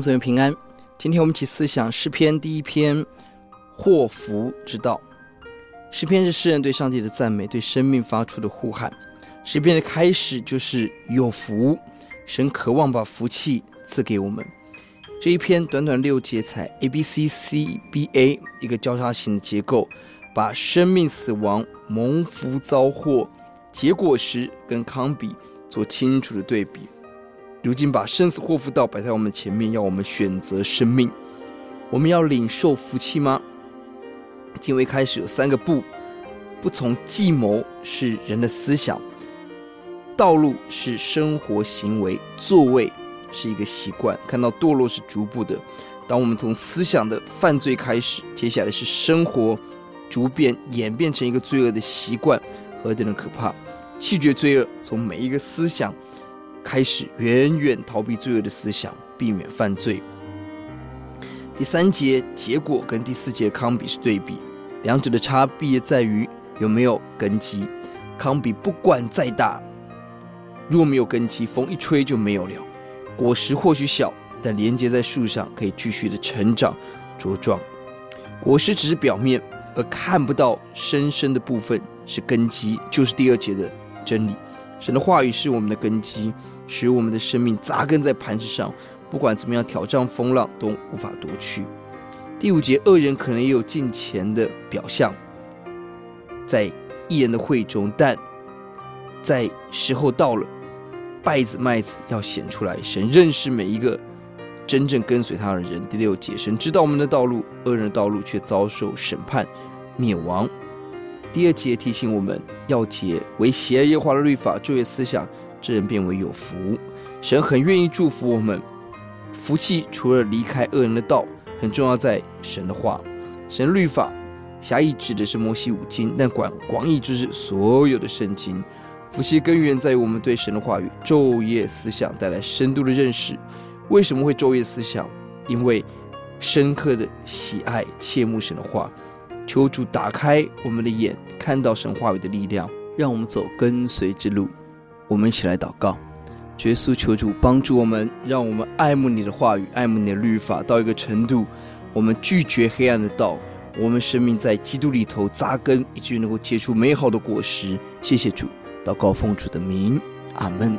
祈求平安。今天我們一起思想詩篇第一篇，禍福之道。詩篇是詩人對上帝的讚美，對生命發出的呼喊。詩篇的開始就是有福，神渴望把福氣賜給我們。這一篇短短六節採 A B C C B A 一個交叉型的結構，把生命死亡蒙福遭禍結果子跟糠秕做清楚的對比。如今把生死禍福道擺在我們前面，要我們選擇生命，我們要領受福氣嗎？敬畏開始有三個不：不從計謀是人的思想，道路是生活行為，座位是一個習慣。看到墮落是逐步的，當我們從思想的犯罪開始，接下來是生活逐變演變成一個罪惡的習慣，何等的可怕！棄絕罪惡，從每一個思想。開始遠遠逃避罪惡的思想，避免犯罪。第三節結果跟第四節糠秕是對比，兩者的差別在於有沒有根基。糠秕不管再大，若沒有根基，風一吹就沒有了。果實或許小，但連接在樹上可以繼續的成長、茁壯。果實只是表面，而看不到深深的部分是根基，就是第二節的真理。神的話語是我們的根基，使我們的生命扎根在磐石上，不管怎麼樣挑戰風浪都無法奪去。第五節，惡人可能也有敬虔的表象，在義人的會中，但在時候到了，稗子麥子要顯出來。神認識每一個真正跟隨他的人。第六節，神知道我們的道路，惡人的道路卻遭受審判滅亡。第二節也提醒我們。要解為喜愛耶和華的律法，晝夜思想，這人便為有福。神很願意祝福我們。福氣除了離開惡人的道，很重要在神的話。神律法，狹義指的是摩西五經，但廣廣義就是所有的聖經。福氣根源在於我們對神的話語，晝夜思想帶來深度的認識。為什麼會晝夜思想？因為深刻的喜愛、切慕神的話。求主打開我們的眼，看到神話語的力量，讓我們走跟隨之路。我們一起來禱告，耶穌，求主幫助我們，讓我們愛慕你的話語，愛慕你的律法，到一個程度，我們拒絕黑暗的道，我們生命在基督裡頭扎根，以至於能夠結出美好的果實。謝謝主，禱告奉主的名，阿門。